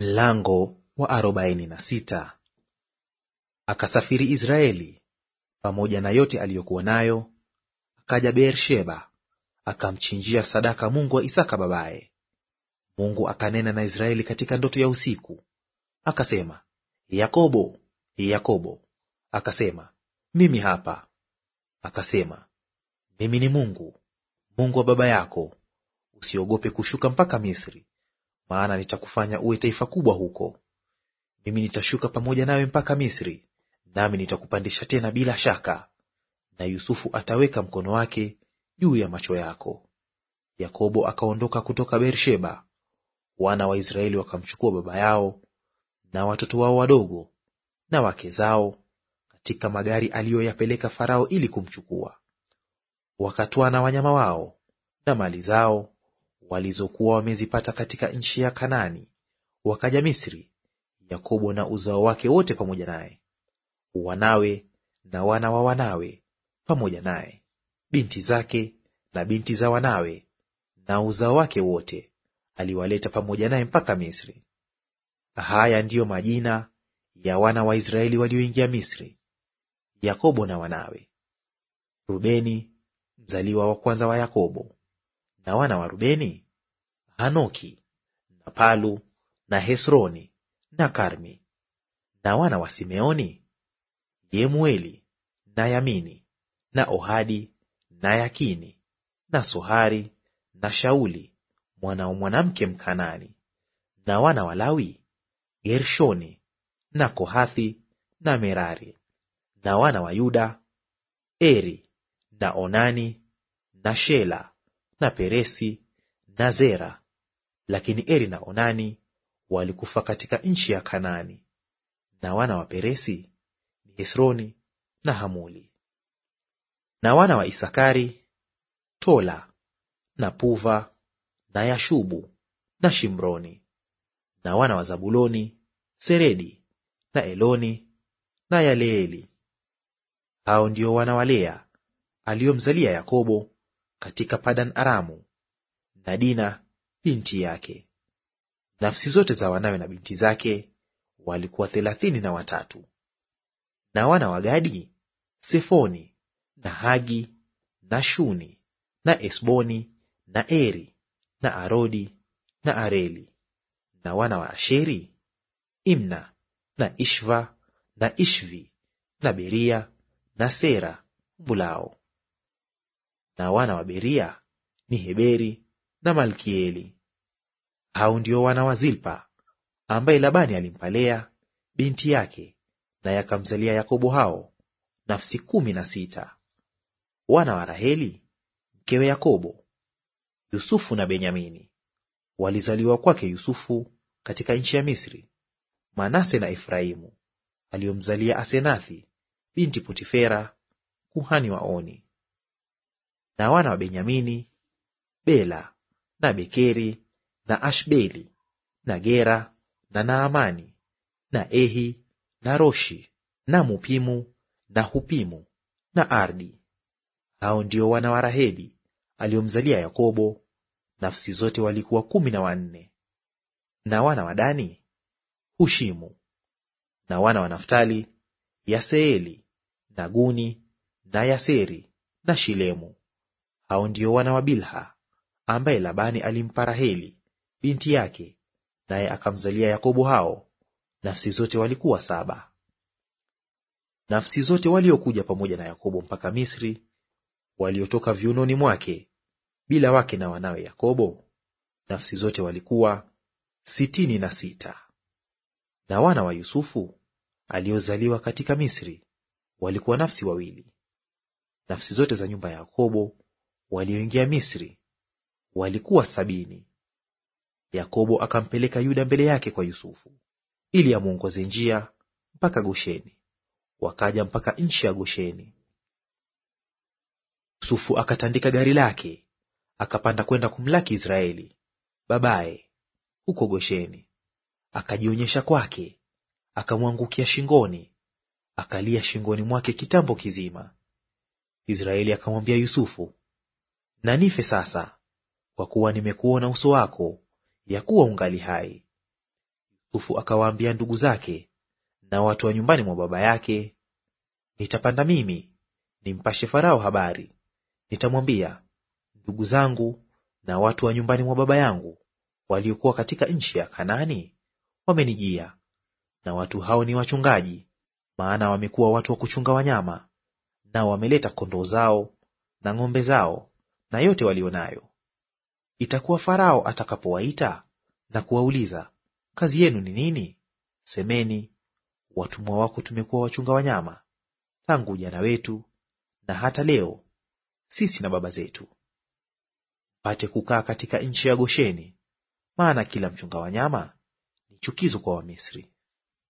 Mlango wa arobaini na sita. Akasafiri Israeli pamoja na yote aliyokuwa nayo, akaja Beersheba, akamchinjia sadaka Mungu wa Isaka babaye. Mungu akanena na Israeli katika ndoto ya usiku, akasema, Yakobo, Yakobo. Akasema, mimi hapa. Akasema, mimi ni Mungu, Mungu wa baba yako, usiogope kushuka mpaka Misri maana nitakufanya uwe taifa kubwa huko. Mimi nitashuka pamoja nawe mpaka Misri, nami nitakupandisha tena bila shaka, na Yusufu ataweka mkono wake juu ya macho yako. Yakobo akaondoka kutoka Beersheba, wana wa Israeli wakamchukua baba yao na watoto wao wadogo na wake zao katika magari aliyoyapeleka Farao ili kumchukua. Wakatwaa na wanyama wao na mali zao walizokuwa wamezipata katika nchi ya Kanaani, wakaja Misri, Yakobo na uzao wake wote pamoja naye, wanawe na wana wa wanawe pamoja naye, binti zake na binti za wanawe na uzao wake wote aliwaleta pamoja naye mpaka Misri. Haya ndiyo majina ya wana wa Israeli walioingia Misri, Yakobo na wanawe. Rubeni mzaliwa wa kwanza wa Yakobo, na wana wa Rubeni, Hanoki na Palu na Hesroni na Karmi; na wana wa Simeoni, Yemueli na Yamini na Ohadi na Yakini na Sohari na Shauli mwana wa mwanamke Mkanani; na wana wa Lawi, Gershoni na Kohathi na Merari; na wana wa Yuda, Eri na Onani na Shela na Peresi na Zera, lakini Eri na Onani walikufa katika nchi ya Kanaani. Na wana wa Peresi ni Hesroni na Hamuli. Na wana wa Isakari Tola na Puva na Yashubu na Shimroni. Na wana wa Zabuloni Seredi na Eloni na Yaleeli. Hao ndio wana wa Lea aliyomzalia Yakobo katika Padan Aramu, na Dina binti yake. Nafsi zote za wanawe na binti zake walikuwa thelathini na watatu. Na wana wa Gadi, Sefoni na Hagi na Shuni na Esboni na Eri na Arodi na Areli. Na wana wa Asheri, Imna na Ishva na Ishvi na Beria na Sera Mbulao na wana wa Beria ni Heberi na Malkieli. Hao ndio wana wa Zilpa ambaye Labani alimpa Lea binti yake, na yakamzalia Yakobo hao nafsi kumi na sita. Wana wa Raheli mkewe Yakobo, Yusufu na Benyamini walizaliwa kwake Yusufu katika nchi ya Misri. Manase na Efraimu aliyomzalia Asenathi binti Potifera, kuhani wa Oni na wana wa Benyamini Bela na Bekeri na Ashbeli na Gera na Naamani na Ehi na Roshi na Mupimu na Hupimu na Ardi. Hao ndio wana wa Raheli aliomzalia Yakobo; nafsi zote walikuwa kumi na wanne. Na wana wa Dani Hushimu. Na wana wa Naftali Yaseeli na Guni na Yaseri na Shilemu. Hao ndio wana wa Bilha ambaye Labani alimpa Raheli binti yake, naye akamzalia Yakobo. Hao nafsi zote walikuwa saba. Nafsi zote waliokuja pamoja na Yakobo mpaka Misri, waliotoka viunoni mwake, bila wake na wanawe Yakobo, nafsi zote walikuwa sitini na sita. Na wana wa Yusufu aliozaliwa katika Misri walikuwa nafsi wawili. Nafsi zote za nyumba ya Yakobo walioingia Misri walikuwa sabini. Yakobo akampeleka Yuda mbele yake kwa Yusufu ili amwongoze njia mpaka Gosheni. Wakaja mpaka nchi ya Gosheni. Yusufu akatandika gari lake akapanda kwenda kumlaki Israeli babaye huko Gosheni. Akajionyesha kwake, akamwangukia shingoni, akalia shingoni mwake kitambo kizima. Israeli akamwambia Yusufu, na nife sasa, kwa kuwa nimekuona uso wako, ya kuwa ungali hai. Yusufu akawaambia ndugu zake na watu wa nyumbani mwa baba yake, nitapanda mimi nimpashe Farao habari, nitamwambia, ndugu zangu na watu wa nyumbani mwa baba yangu waliokuwa katika nchi ya Kanaani wamenijia, na watu hao ni wachungaji, maana wamekuwa watu wa kuchunga wanyama, nao wameleta kondoo zao na ng'ombe zao na yote walio nayo. Itakuwa Farao atakapowaita na kuwauliza, kazi yenu ni nini? Semeni, watumwa wako tumekuwa wachunga wanyama tangu ujana wetu na hata leo, sisi na baba zetu, mpate kukaa katika nchi ya Gosheni, maana kila mchunga wanyama ni chukizo kwa Wamisri.